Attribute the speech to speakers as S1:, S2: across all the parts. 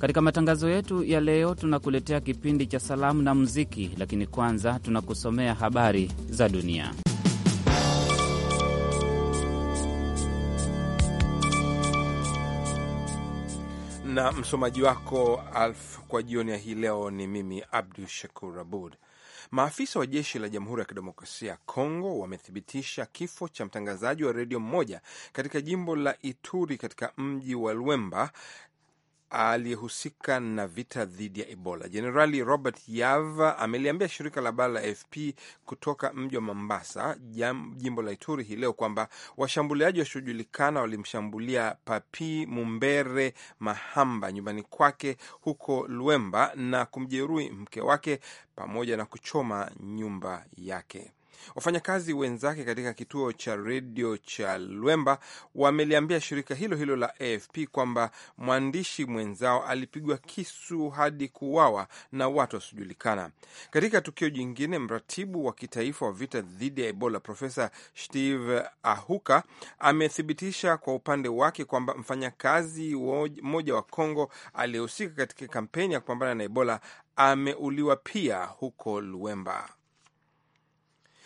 S1: Katika matangazo yetu ya leo, tunakuletea kipindi cha salamu na muziki, lakini kwanza tunakusomea habari za dunia.
S2: na msomaji wako Alf kwa jioni ya hii leo ni mimi Abdu Shakur Abud. Maafisa wa jeshi la Jamhuri ya Kidemokrasia ya Kongo wamethibitisha kifo cha mtangazaji wa redio mmoja katika jimbo la Ituri katika mji wa Lwemba aliyehusika na vita dhidi ya Ebola. Jenerali Robert Yava ameliambia shirika la habari la AFP kutoka mji wa Mombasa, jimbo la Ituri hii leo kwamba washambuliaji wasiojulikana walimshambulia Papi Mumbere Mahamba nyumbani kwake huko Luemba na kumjeruhi mke wake pamoja na kuchoma nyumba yake. Wafanyakazi wenzake katika kituo cha redio cha Lwemba wameliambia shirika hilo hilo la AFP kwamba mwandishi mwenzao alipigwa kisu hadi kuuawa na watu wasiojulikana. Katika tukio jingine, mratibu wa kitaifa wa vita dhidi ya Ebola Profesa Steve Ahuka amethibitisha kwa upande wake kwamba mfanyakazi mmoja wa Kongo aliyehusika katika kampeni ya kupambana na Ebola ameuliwa pia huko lwemba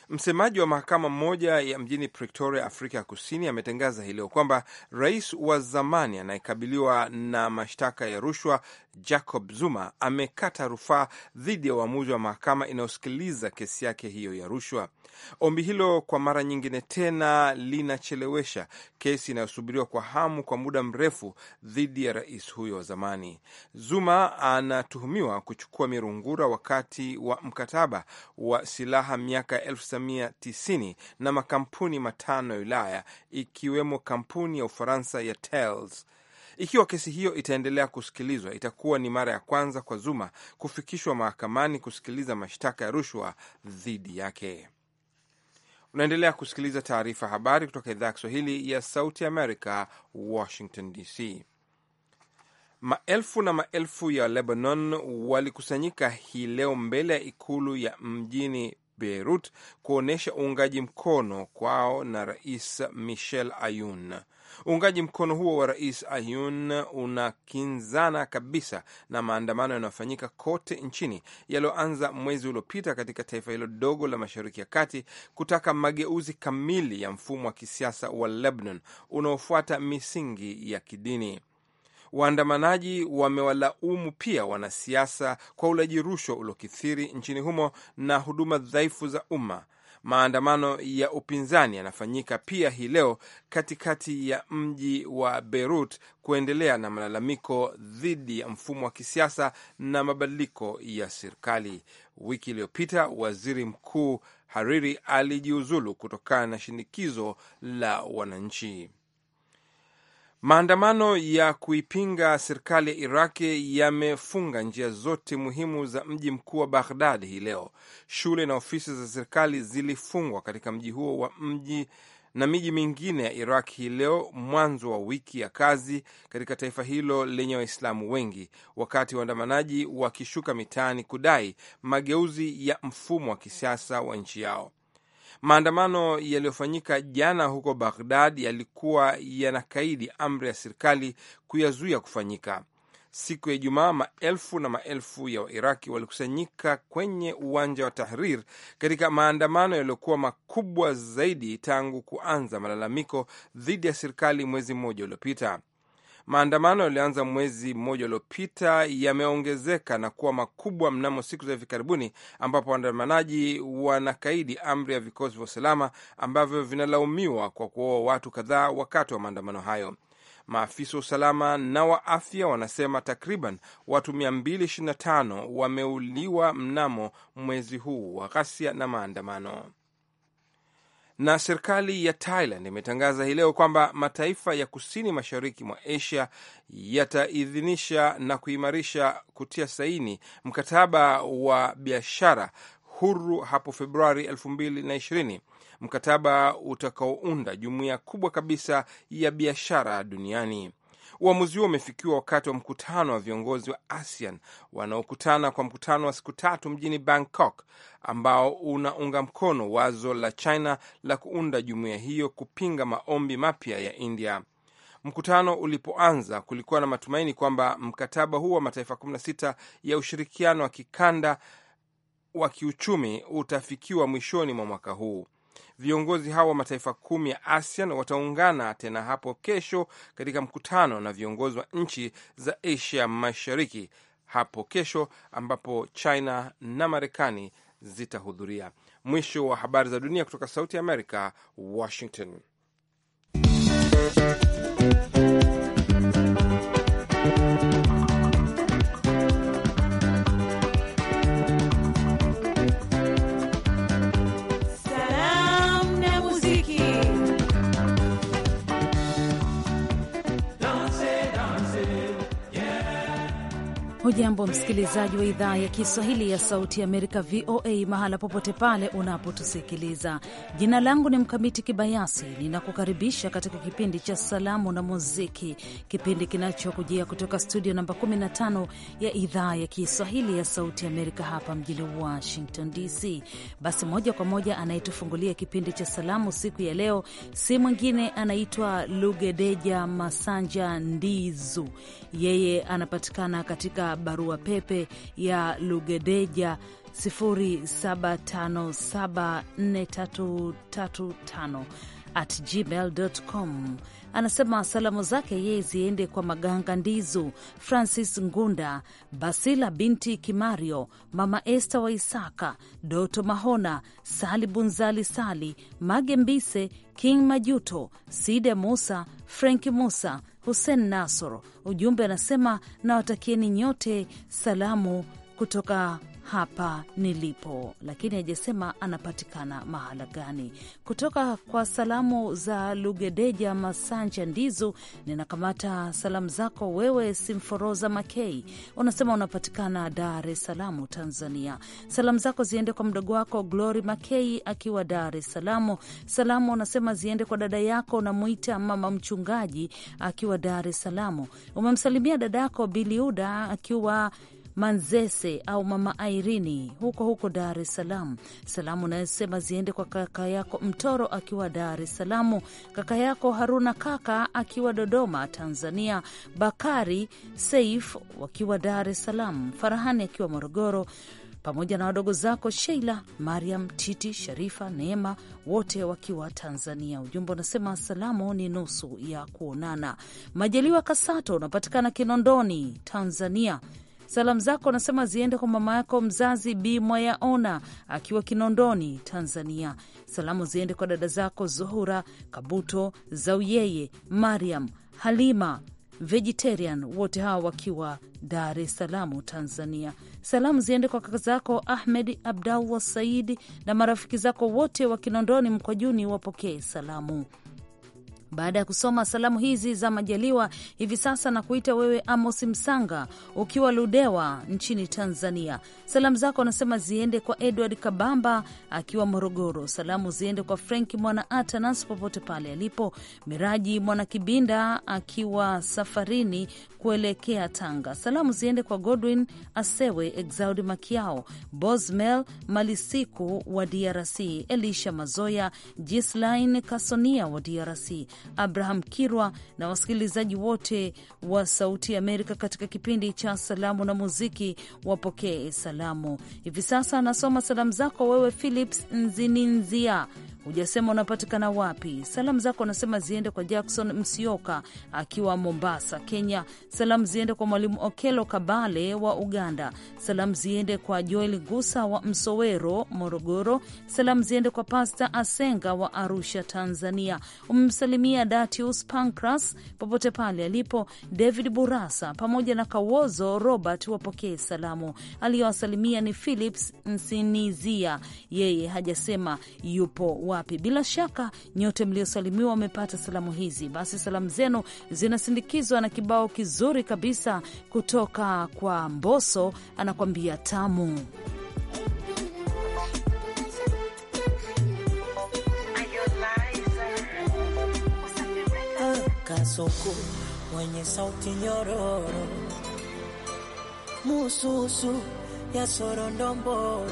S2: Msemaji wa mahakama mmoja ya mjini Pretoria, Afrika ya Kusini, ametangaza hii leo kwamba rais wa zamani anayekabiliwa na mashtaka ya rushwa Jacob Zuma amekata rufaa dhidi ya uamuzi wa mahakama inayosikiliza kesi yake hiyo ya rushwa. Ombi hilo kwa mara nyingine tena linachelewesha kesi inayosubiriwa kwa hamu kwa muda mrefu dhidi ya rais huyo wa zamani. Zuma anatuhumiwa kuchukua mirungura wakati wa mkataba wa silaha miaka 1990 na makampuni matano ya Ulaya ikiwemo kampuni ya Ufaransa ya Thales. Ikiwa kesi hiyo itaendelea kusikilizwa, itakuwa ni mara ya kwanza kwa Zuma kufikishwa mahakamani kusikiliza mashtaka ya rushwa dhidi yake. Unaendelea kusikiliza taarifa habari kutoka idhaa ya Kiswahili ya Sauti Amerika, Washington DC. Maelfu na maelfu ya Lebanon walikusanyika hii leo mbele ya ikulu ya mjini Beirut kuonyesha uungaji mkono kwao na Rais Michel ayun Uungaji mkono huo wa Rais ayun unakinzana kabisa na maandamano yanayofanyika kote nchini yaliyoanza mwezi uliopita katika taifa hilo dogo la Mashariki ya Kati kutaka mageuzi kamili ya mfumo wa kisiasa wa Lebanon unaofuata misingi ya kidini. Waandamanaji wamewalaumu pia wanasiasa kwa ulaji rushwa uliokithiri nchini humo na huduma dhaifu za umma. Maandamano ya upinzani yanafanyika pia hii leo katikati ya mji wa Beirut kuendelea na malalamiko dhidi ya mfumo wa kisiasa na mabadiliko ya serikali. Wiki iliyopita waziri mkuu Hariri alijiuzulu kutokana na shinikizo la wananchi. Maandamano ya kuipinga serikali ya Iraki yamefunga njia zote muhimu za mji mkuu wa Baghdad hii leo. Shule na ofisi za serikali zilifungwa katika mji huo wa mji na miji mingine ya Iraq hii leo, mwanzo wa wiki ya kazi katika taifa hilo lenye Waislamu wengi, wakati waandamanaji wakishuka mitaani kudai mageuzi ya mfumo wa kisiasa wa nchi yao. Maandamano yaliyofanyika jana huko Baghdad yalikuwa yanakaidi amri ya serikali kuyazuia kufanyika. Siku ya Ijumaa, maelfu na maelfu ya Wairaki walikusanyika kwenye uwanja wa Tahrir katika maandamano yaliyokuwa makubwa zaidi tangu kuanza malalamiko dhidi ya serikali mwezi mmoja uliopita. Maandamano yalianza mwezi mmoja uliopita yameongezeka na kuwa makubwa mnamo siku za hivi karibuni, ambapo waandamanaji wanakaidi amri ya vikosi vya usalama ambavyo vinalaumiwa kwa kuoa watu kadhaa wakati wa maandamano hayo. Maafisa wa usalama na wa afya wanasema takriban watu 225 wameuliwa mnamo mwezi huu wa ghasia na maandamano. Na serikali ya Thailand imetangaza hii leo kwamba mataifa ya kusini mashariki mwa Asia yataidhinisha na kuimarisha kutia saini mkataba wa biashara huru hapo Februari 2020, mkataba utakaounda jumuiya kubwa kabisa ya biashara duniani. Uamuzi huo umefikiwa wakati wa mkutano wa viongozi wa ASEAN wanaokutana kwa mkutano wa siku tatu mjini Bangkok, ambao unaunga mkono wazo la China la kuunda jumuiya hiyo kupinga maombi mapya ya India. Mkutano ulipoanza kulikuwa na matumaini kwamba mkataba huu wa mataifa 16 ya ushirikiano wa kikanda wa kiuchumi utafikiwa mwishoni mwa mwaka huu. Viongozi hao wa mataifa kumi ya ASEAN wataungana tena hapo kesho katika mkutano na viongozi wa nchi za Asia Mashariki hapo kesho, ambapo China na Marekani zitahudhuria. Mwisho wa habari za dunia kutoka Sauti ya Amerika, Washington.
S3: Hujambo msikilizaji wa idhaa ya Kiswahili ya Sauti Amerika, VOA, mahala popote pale unapotusikiliza. Jina langu ni Mkamiti Kibayasi, ninakukaribisha katika kipindi cha Salamu na Muziki, kipindi kinachokujia kutoka studio namba 15 ya idhaa ya Kiswahili ya Sauti Amerika hapa mjini Washington DC. Basi moja kwa moja anayetufungulia kipindi cha salamu siku ya leo si mwingine, anaitwa Lugedeja Masanja Ndizu. Yeye anapatikana katika barua pepe ya lugedeja 07574335 at gmail.com anasema salamu zake yeye ziende kwa Maganga Ndizu, Francis Ngunda, Basila binti Kimario, Mama Esta wa Isaka, Doto Mahona, Sali Bunzali, Sali Mage Mbise, King Majuto, Side Musa, frenki Musa, Hussein Nasoro. Ujumbe anasema nawatakieni nyote salamu kutoka hapa nilipo, lakini hajasema anapatikana mahala gani. Kutoka kwa salamu za Lugedeja Masanja Ndizu, ninakamata salamu zako wewe, Simforoza Makei, unasema unapatikana Dar es Salaam, Tanzania. Salamu zako ziende kwa mdogo wako Glory Makei akiwa Dar es Salaam. Salamu unasema ziende kwa dada yako unamwita mama mchungaji akiwa Dar es Salaam. Umemsalimia dada yako Biliuda akiwa Manzese au mama Airini huko huko Dar es Salaam. Salamu unayosema ziende kwa kaka yako Mtoro akiwa Dar es Salaam, kaka yako Haruna kaka akiwa Dodoma Tanzania, Bakari Seif wakiwa Dar es Salaam, Farahani akiwa Morogoro pamoja na wadogo zako Sheila, Mariam, Titi, Sharifa, Neema, wote wakiwa Tanzania. Ujumbe unasema salamu ni nusu ya kuonana. Majaliwa Kasato unapatikana Kinondoni, Tanzania. Salamu zako anasema ziende kwa mama yako mzazi Bi Mwayaona akiwa Kinondoni, Tanzania. Salamu ziende kwa dada zako Zuhura Kabuto, Zauyeye, Mariam, Halima Vegetarian, wote hawa wakiwa Dar es Salaam, Tanzania. Salamu ziende kwa kaka zako Ahmed Abdallah Saidi na marafiki zako wote wa Kinondoni Mkwajuni, wapokee salamu. Baada ya kusoma salamu hizi za Majaliwa, hivi sasa na kuita wewe Amos Msanga ukiwa Ludewa nchini Tanzania. Salamu zako anasema ziende kwa Edward Kabamba akiwa Morogoro. Salamu ziende kwa Frank Mwana Atanas popote pale alipo, Miraji Mwana Kibinda akiwa safarini kuelekea Tanga. Salamu ziende kwa Godwin Asewe, Exaudi Makiao, Bosmel Malisiku wa DRC, Elisha Mazoya, jislin Kasonia wa DRC. Abraham Kirwa na wasikilizaji wote wa Sauti ya Amerika katika kipindi cha Salamu na Muziki, wapokee salamu hivi sasa. Anasoma salamu zako wewe Philips Nzininzia hujasema unapatikana wapi. Salamu zako unasema ziende kwa Jackson Msioka akiwa Mombasa, Kenya. Salamu ziende kwa Mwalimu Okelo Kabale wa Uganda. Salamu ziende kwa Joel Gusa wa Msowero, Morogoro. Salamu ziende kwa Pasta Asenga wa Arusha, Tanzania. Umemsalimia Datius Pancras popote pale alipo, David Burasa pamoja na Kawozo Robert, wapokee salamu. Aliyowasalimia ni Philips Nsinizia, yeye hajasema yupo wapi. Bila shaka nyote mliosalimiwa wamepata salamu hizi, basi salamu zenu zinasindikizwa na kibao kizuri kabisa kutoka kwa Mboso, anakwambia tamu
S4: mwenye sauti nyororo mususu ya sorondomboro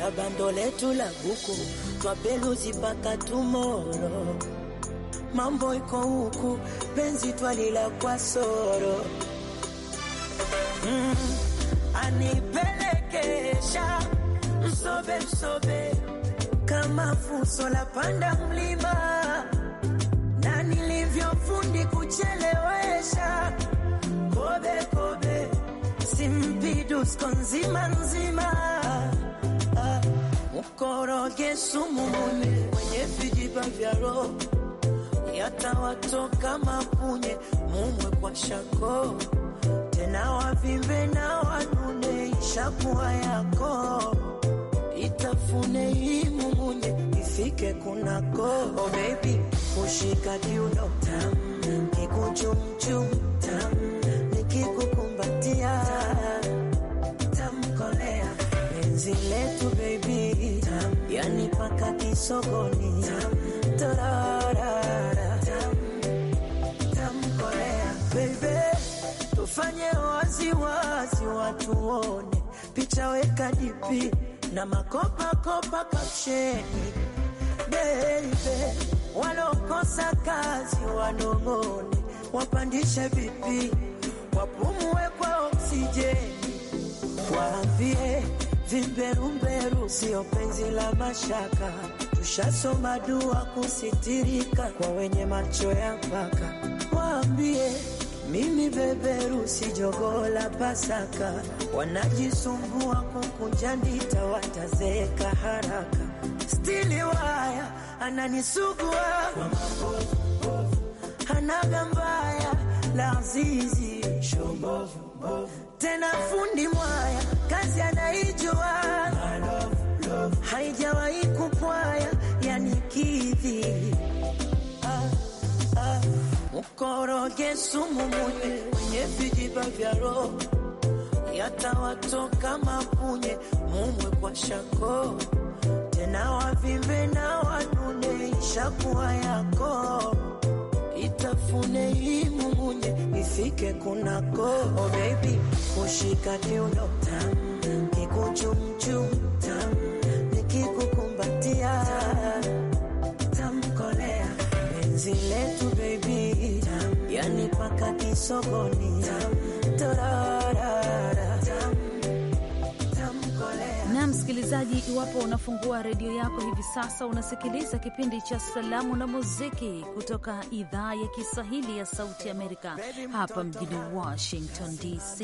S4: na bando letu la buku twabeluzi mpaka tumoro, mambo iko huku penzi twalila kwa soro mm, anipelekesha msobe msobe kama fuso la panda mlima na nilivyofundi kuchelewesha kobe kobe simpidusko nzima nzima mkoroge sumu mwenye vijiba vya roho yatawatoka mapunye mumwe kwa shako tena wavimbe na wanune ishakuwa yako itafune hii imumunye ifike kunako oh baby kushika kiuno tam nikuchumchum tam nikikukumbatia sokoni. tufanye wazi wazi, watu wone picha, weka dipi na makopa kopa kapsheni. Baby, walokosa kazi wanong'one, wapandishe vipi, wapumue kwa oksijeni, waambie vimberumberu sio penzi la mashaka Tushasoma dua kusitirika kwa wenye macho ya mpaka, waambie mimi beberu si jogola Pasaka. Wanajisumbua kukunja ndita, watazeeka haraka. Stili waya ananisugua hanaga mbaya la tena fundi mwaya kazi anaijua haijawahi kupwaya yanikidhi mukoroge sumu munye kwenye vijiba vya roho yatawatoka mapunye mumwe kwa shako tena wavimbe na wanune ishakuwa yako itafune hii mumunye ifike kunako oh baby kushika kiuno tam kikuchumchum tam Tamkolea, penzi letu baby, yani paka kisogoni
S3: Msikilizaji, iwapo unafungua redio yako hivi sasa, unasikiliza kipindi cha Salamu na Muziki kutoka idhaa ya Kiswahili ya Sauti Amerika hapa mjini Washington DC,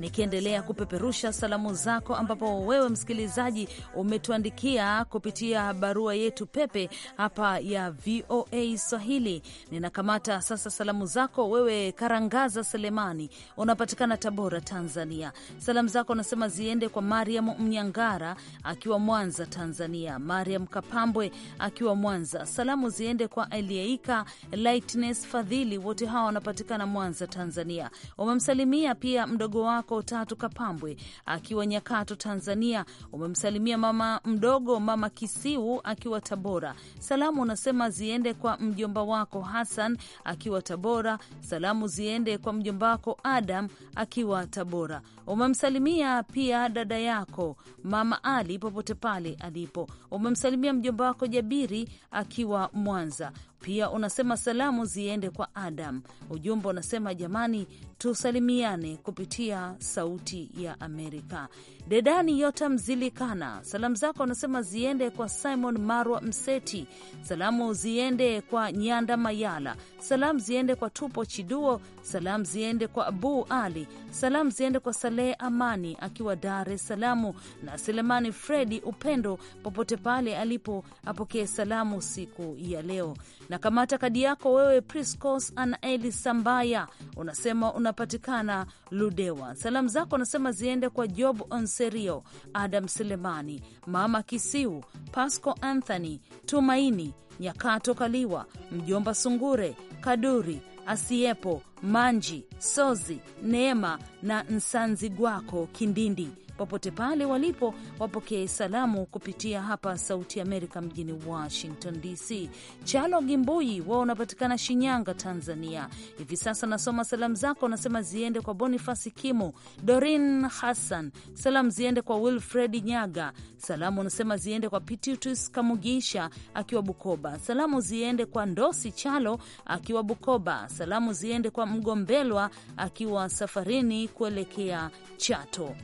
S3: nikiendelea kupeperusha salamu zako, ambapo wewe msikilizaji umetuandikia kupitia barua yetu pepe hapa ya VOA Swahili. Ninakamata sasa salamu zako wewe, Karangaza Selemani, unapatikana Tabora, Tanzania. Salamu zako unasema ziende kwa Mariam Mnyangara akiwa Mwanza, Tanzania. Mariam Kapambwe akiwa Mwanza. Salamu ziende kwa Eliaika Lightness Fadhili, wote hawa wanapatikana Mwanza, Tanzania. Umemsalimia pia mdogo wako Tatu Kapambwe akiwa Nyakato, Tanzania. Umemsalimia mama mdogo Mama Kisiu akiwa Tabora. Salamu unasema ziende kwa mjomba wako Hassan akiwa Tabora. Salamu ziende kwa mjomba wako Adam akiwa Tabora. Umemsalimia pia dada yako mama mahali popote pale alipo. Umemsalimia mjomba wako Jabiri akiwa Mwanza. Pia unasema salamu ziende kwa Adam. Ujumbe unasema jamani, tusalimiane kupitia Sauti ya Amerika. Dedani Yota Mzilikana, salamu zako anasema ziende kwa Simon Marwa Mseti, salamu ziende kwa Nyanda Mayala, salamu ziende kwa Tupo Chiduo, salamu ziende kwa Abu Ali, salamu ziende kwa Salehe Amani akiwa Dar es Salaam na Selemani Fredi Upendo, popote pale alipo apokee salamu siku ya leo. Na kamata kadi yako wewe, Priscos Anaeli Sambaya, unasema una unapatikana Ludewa. Salamu zako anasema ziende kwa Job Onserio, Adam Selemani, Mama Kisiu, Pasco Anthony, Tumaini Nyakato, Kaliwa Mjomba, Sungure Kaduri, Asiepo Manji, Sozi, Neema na Nsanzi Gwako Kindindi popote pale walipo, wapokee salamu kupitia hapa Sauti Amerika mjini Washington DC. Chalo Gimbui wao unapatikana Shinyanga, Tanzania. Hivi sasa nasoma salamu zako, nasema ziende kwa Bonifasi Kimo, Dorin Hassan, salamu ziende kwa Wilfred Nyaga, salamu unasema ziende kwa Pititus Kamugisha akiwa Bukoba, salamu ziende kwa Ndosi Chalo akiwa Bukoba, salamu ziende kwa Mgombelwa akiwa safarini kuelekea Chato.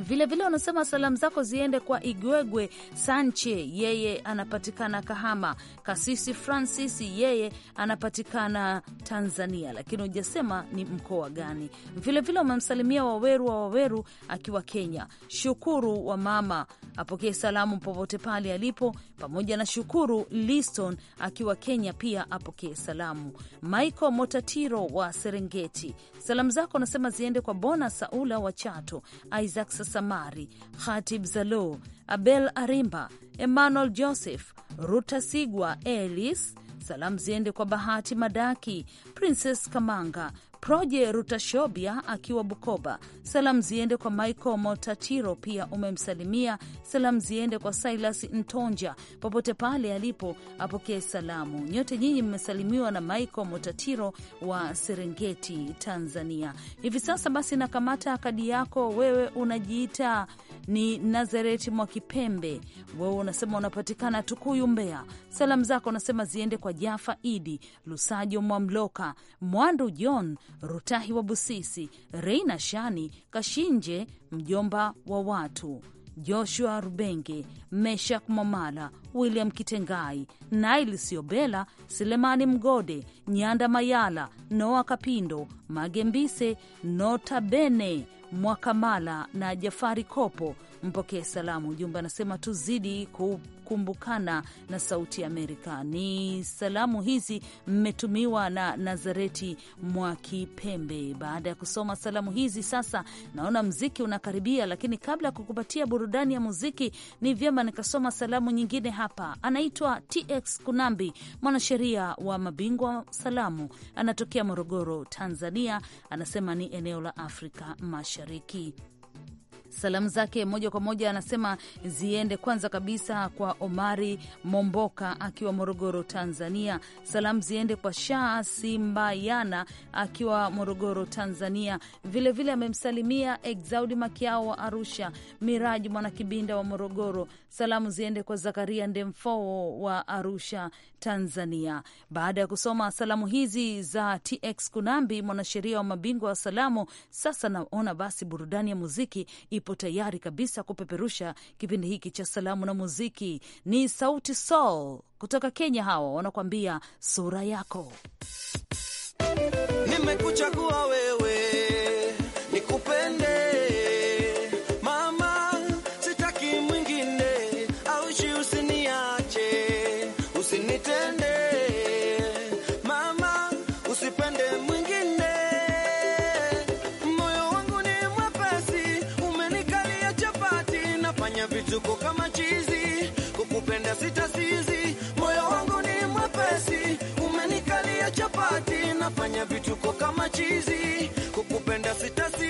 S3: Vilevile wanasema vile salamu zako ziende kwa Igwegwe Sanche, yeye anapatikana Kahama. Kasisi Francis, yeye anapatikana Tanzania, lakini hujasema ni mkoa gani. Vilevile wamemsalimia Waweru wa Waweru akiwa Kenya. Shukuru wa mama apokee salamu popote pale alipo, pamoja na Shukuru Liston akiwa Kenya pia apokee salamu. Michael Motatiro wa Serengeti, salamu zako anasema ziende kwa Bona Saula wa Chato, Isaac Musa Samari, Khatib Zalo, Abel Arimba, Emmanuel Joseph, Ruta Sigwa, Elis. Salamu ziende kwa Bahati Madaki, Princess Kamanga, Proje Rutashobia akiwa Bukoba. Salamu ziende kwa Michael Motatiro, pia umemsalimia. Salamu ziende kwa Silas Ntonja, popote pale alipo apokee salamu. Nyote nyinyi mmesalimiwa na Michael Motatiro wa Serengeti, Tanzania. Hivi sasa basi nakamata kadi yako, wewe unajiita ni Nazareti Mwakipembe, wewe unasema unapatikana Tukuyu, Mbeya. Salamu zako unasema ziende kwa Jafa Idi Lusajo, Mwamloka Mwandu, John Rutahi wa Busisi, Reina Shani Kashinje, mjomba wa watu Joshua Rubenge, Meshak Momala, William Kitengai, Nail Siobela, Selemani Mgode, Nyanda Mayala, Noa Kapindo, Magembise, Nota Bene Mwakamala na Jafari Kopo mpokee salamu. Ujumbe anasema tuzidi kukumbukana na Sauti ya Amerika. Ni salamu hizi mmetumiwa na Nazareti mwa Kipembe. Baada ya kusoma salamu hizi, sasa naona mziki unakaribia, lakini kabla ya kukupatia burudani ya muziki, ni vyema nikasoma salamu nyingine hapa. Anaitwa TX Kunambi, mwanasheria wa mabingwa salamu, anatokea Morogoro, Tanzania. Anasema ni eneo la Afrika Mashariki. Salamu zake moja kwa moja anasema ziende kwanza kabisa kwa Omari Momboka akiwa Morogoro, Tanzania. Salamu ziende kwa Shaa Simbayana akiwa Morogoro, Tanzania. Vilevile amemsalimia vile Exaudi Makiao wa Arusha, Miraji Mwanakibinda wa Morogoro. Salamu ziende kwa Zakaria Ndemfoo wa Arusha, Tanzania. Baada ya kusoma salamu hizi za TX Kunambi, mwanasheria wa mabingwa wa salamu, sasa naona basi burudani ya muziki ipo tayari kabisa kupeperusha kipindi hiki cha salamu na muziki. Ni Sauti Sol kutoka Kenya, hawa wanakuambia sura yako
S4: nimekuchagua we kufanya vituko kama chizi, kukupenda sitasi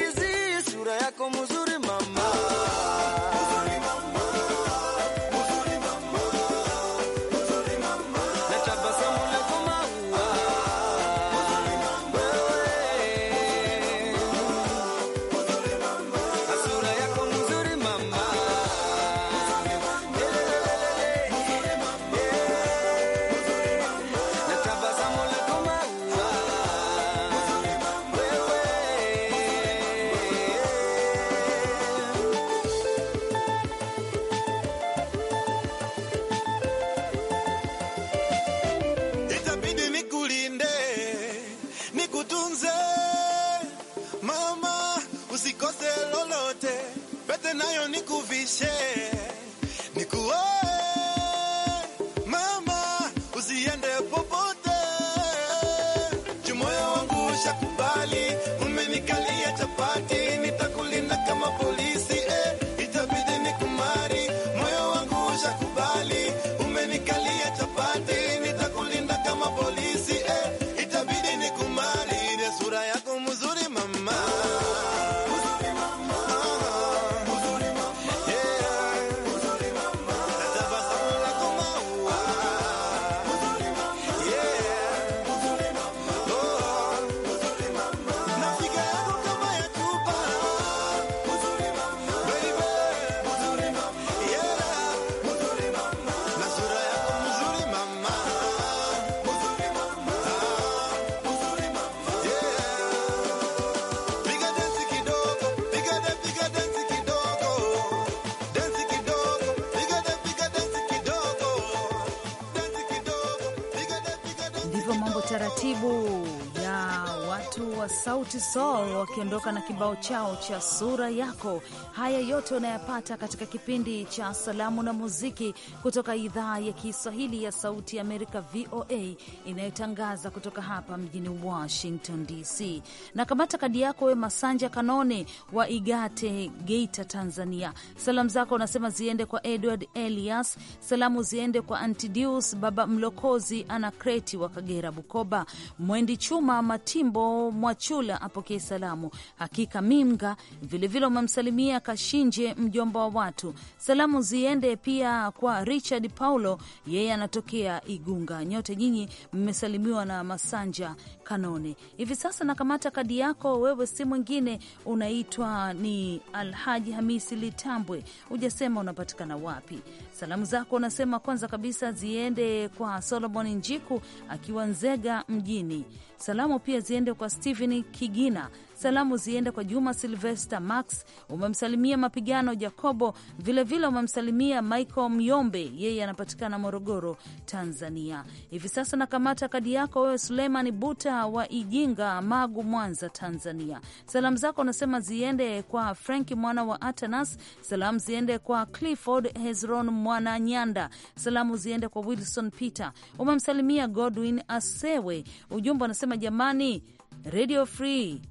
S3: Sauti Sol wakiondoka na kibao chao cha sura yako haya yote unayapata katika kipindi cha salamu na muziki kutoka idhaa ya Kiswahili ya Sauti Amerika, VOA, inayotangaza kutoka hapa mjini Washington DC. Na kamata kadi yako we Masanja Kanone wa Igate, Geita, Tanzania. Salamu zako unasema ziende kwa Edward Elias, salamu ziende kwa Antidius Baba Mlokozi, Anakreti wa Kagera, Bukoba, Mwendi Chuma Matimbo Mwachula apokee salamu. Hakika Mimga vilevile umemsalimia Kashinje, mjomba wa watu. Salamu ziende pia kwa Richard Paulo, yeye anatokea Igunga. Nyote nyinyi mmesalimiwa na Masanja Kanone. Hivi sasa nakamata kadi yako, wewe si mwingine, unaitwa ni Alhaji Hamisi Litambwe. Hujasema unapatikana wapi. Salamu zako unasema kwanza kabisa ziende kwa Solomon Njiku akiwa Nzega mjini Salamu pia ziende kwa Stephen Kigina, salamu ziende kwa Juma Silvester Max, umemsalimia Mapigano Jacobo, vilevile umemsalimia Michael Myombe, yeye anapatikana Morogoro, Tanzania. Hivi sasa nakamata kadi yako wewe, Suleimani Buta wa Ijinga, Magu, Mwanza, Tanzania. Salamu zako unasema ziende kwa Frank mwana wa Atanas, salamu ziende kwa Clifford Hezron mwana Nyanda, salamu ziende kwa Wilson Peter, umemsalimia Godwin Asewe. Ujumbe anasema wanasema jamani, Radio Free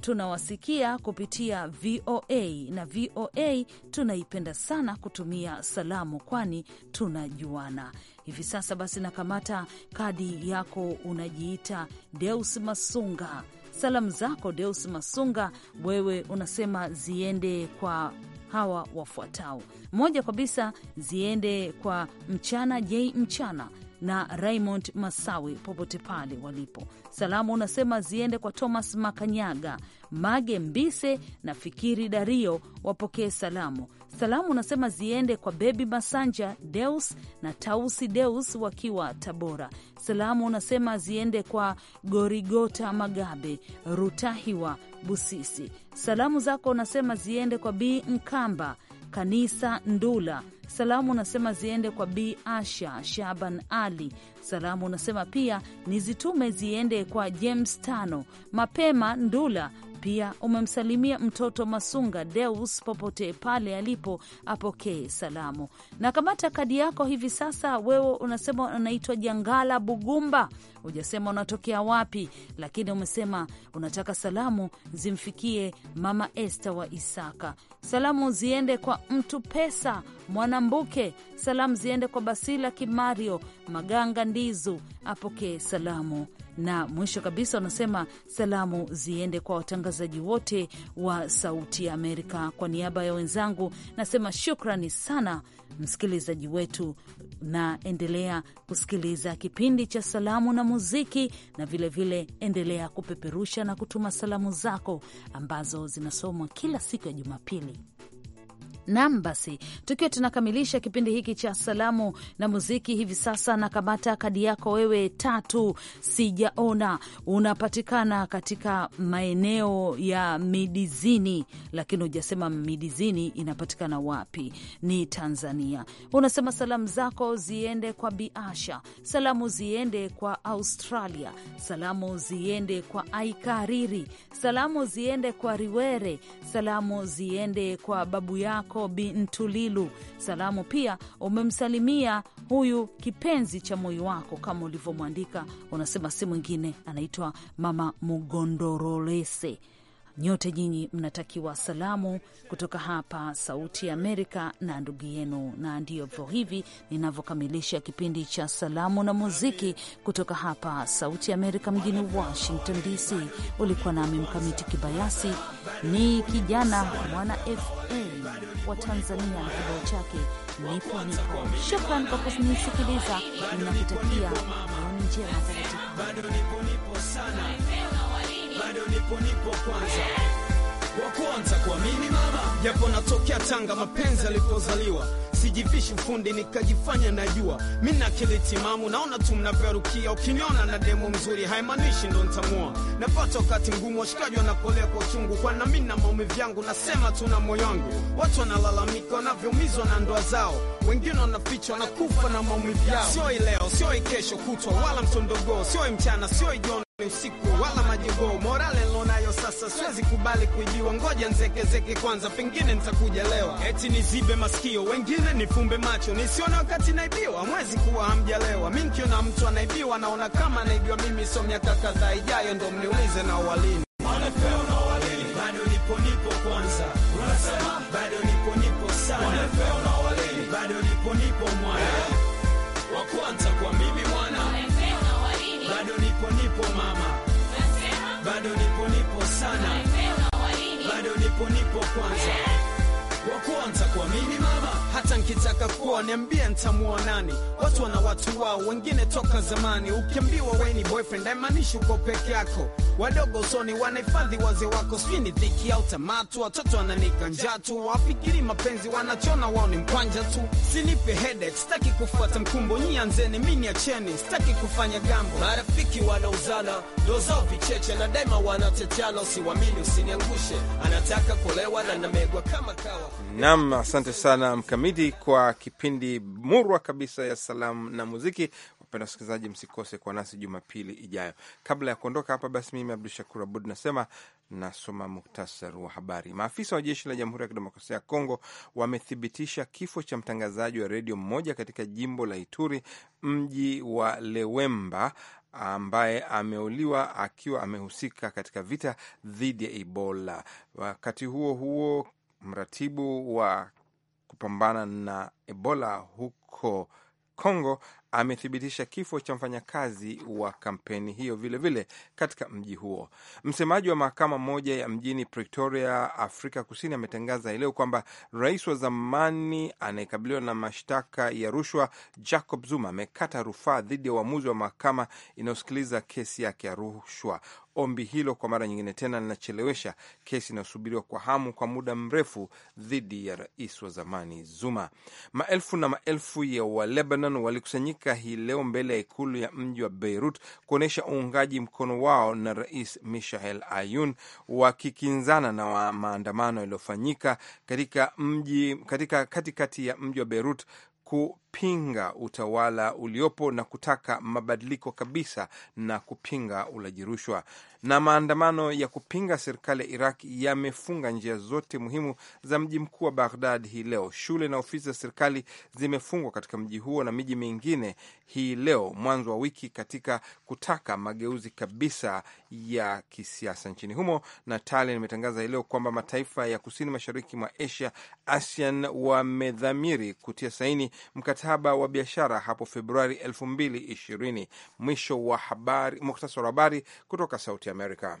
S3: tunawasikia kupitia VOA na VOA tunaipenda sana kutumia salamu, kwani tunajuana hivi sasa. Basi nakamata kadi yako, unajiita Deus Masunga. Salamu zako Deus Masunga, wewe unasema ziende kwa hawa wafuatao. Moja kabisa ziende kwa mchana J mchana na Raymond Masawi popote pale walipo. Salamu unasema ziende kwa Thomas Makanyaga, Mage Mbise na Fikiri Dario, wapokee salamu. Salamu unasema ziende kwa Bebi Masanja Deus na Tausi Deus wakiwa Tabora. Salamu unasema ziende kwa Gorigota Magabe, Rutahiwa Busisi. Salamu zako unasema ziende kwa Bi Mkamba, Kanisa Ndula Salamu unasema ziende kwa Bi Asha Shaban Ali. Salamu unasema pia nizitume ziende kwa James Tano Mapema Ndula. Pia umemsalimia mtoto Masunga Deus popote pale alipo apokee salamu. Na kamata kadi yako hivi sasa. Wewe unasema unaitwa Jangala Bugumba, hujasema unatokea wapi, lakini umesema unataka salamu zimfikie Mama Esther wa Isaka. Salamu ziende kwa mtu pesa Mwanambuke, salamu ziende kwa Basila Kimario Maganga Ndizu, apokee salamu. Na mwisho kabisa, wanasema salamu ziende kwa watangazaji wote wa Sauti ya Amerika. Kwa niaba ya wenzangu nasema shukrani sana msikilizaji wetu, na endelea kusikiliza kipindi cha Salamu na Muziki, na vilevile vile endelea kupeperusha na kutuma salamu zako ambazo zinasomwa kila siku ya Jumapili. Nam, basi tukiwa tunakamilisha kipindi hiki cha salamu na muziki hivi sasa, na kamata kadi yako wewe, tatu sijaona, unapatikana katika maeneo ya Midizini, lakini hujasema Midizini inapatikana wapi, ni Tanzania. Unasema salamu zako ziende kwa Biasha, salamu ziende kwa Australia, salamu ziende kwa Aikariri, salamu ziende kwa Riwere, salamu ziende kwa babu yako Jacobi Ntulilu. Salamu pia umemsalimia huyu kipenzi cha moyo wako kama ulivyomwandika, unasema si mwingine anaitwa Mama Mugondorolese Nyote nyinyi mnatakiwa salamu kutoka hapa Sauti ya Amerika na ndugu yenu, na vyo hivi ninavyokamilisha kipindi cha Salamu na Muziki kutoka hapa Sauti ya Amerika mjini Washington DC. Ulikuwa nami Mkamiti Kibayasi, ni kijana mwana FA wa Tanzania na kibao chake nipo nipo. Shukran kwa kunisikiliza, ninakutakia jioni njema
S5: bado nipo nipo kwanza wa kwanza kwa mimi mama, japo natokea Tanga, mapenzi alipozaliwa sijivishi fundi nikajifanya najua. Mi na akili timamu, naona tu mnavyorukia. Ukiniona na demo mzuri haimaanishi ndo ntamua. Napata wakati mgumu, washikaji wanapolea kwa uchungu, kwana mi na maumivu yangu, nasema tu na moyo wangu. Watu wanalalamika wanavyoumizwa na ndoa zao, wengine wanafichwa na kufa na maumivu yao. Sioi leo, sio kesho kutwa, wala mtondogoo, sio mchana, sio jioni usiku, wala sasa siwezi kubali kuibiwa, ngoja nzekezeke kwanza, pengine nitakuja lewa. Eti nizibe masikio, wengine nifumbe macho, nisione wakati naibiwa. Mwezi kuwa hamjalewa, mi nkiona mtu anaibiwa naona kama naibiwa mimi. So miaka kadhaa ijayo ndo mniulize na walini bado nipo nipo mama, bado nipo nipo sana, bado nipo nipo kwanza wa kwanza mimi mama, hata nkitaka kuwa niambia nitamuoa nani? Watu wana watu wao, wengine toka zamani. Ukiambiwa we ni boyfriend haimaanishi uko peke yako. Wadogo usoni wanahifadhi wazee wako, sijui ni dhiki au tamatu. Watoto wananika njaa tu, wafikiri mapenzi wanachona, wao ni mkwanja tu. Sinipe headache, sitaki kufuata mkumbo, nyi anzeni, mi niacheni, sitaki kufanya gambo. Marafiki wanauzana ndo zao vicheche na daima wanatetana, usiwamini, usiniangushe, anataka kulewa na namegwa kama
S4: kawa
S2: Nam, asante sana Mkamiti kwa kipindi murwa kabisa ya salamu na muziki. Wapenda wasikilizaji, msikose kwa nasi Jumapili ijayo. Kabla ya kuondoka hapa, basi mimi Abdu Shakur Abud nasema nasoma muktasar wa habari. Maafisa wa jeshi la Jamhuri ya Kidemokrasia ya Kongo wamethibitisha kifo cha mtangazaji wa redio mmoja katika jimbo la Ituri, mji wa Lewemba ambaye ameuliwa akiwa amehusika katika vita dhidi ya Ebola. Wakati huo huo, mratibu wa kupambana na Ebola huko congo amethibitisha kifo cha mfanyakazi wa kampeni hiyo vilevile vile katika mji huo. Msemaji wa mahakama moja ya mjini Pretoria, Afrika Kusini, ametangaza leo kwamba rais wa zamani anayekabiliwa na mashtaka ya rushwa Jacob Zuma amekata rufaa dhidi ya uamuzi wa mahakama inayosikiliza kesi yake ya rushwa. Ombi hilo kwa mara nyingine tena linachelewesha kesi inayosubiriwa kwa hamu kwa muda mrefu dhidi ya rais wa zamani Zuma. Maelfu na maelfu ya Walebanon walikusanyika kufanyika hii leo mbele ya ikulu ya mji wa Beirut kuonyesha uungaji mkono wao na Rais Mishael Ayun, wakikinzana na wa maandamano yaliyofanyika katika mji katika katikati ya mji wa Beirut ku kupinga utawala uliopo na kutaka mabadiliko kabisa na kupinga ulaji rushwa. Na maandamano ya kupinga serikali ya Iraq yamefunga njia zote muhimu za mji mkuu wa Baghdad hii leo. Shule na ofisi za serikali zimefungwa katika mji huo na miji mingine hii leo, mwanzo wa wiki, katika kutaka mageuzi kabisa ya kisiasa nchini humo. Na Tallinn imetangaza hii leo kwamba mataifa ya kusini mashariki mwa Asia, ASEAN, wamedhamiri kutia saini mkataba mkataba wa biashara hapo Februari 2020. Mwisho wa habari, muktasari wa habari kutoka Sauti Amerika.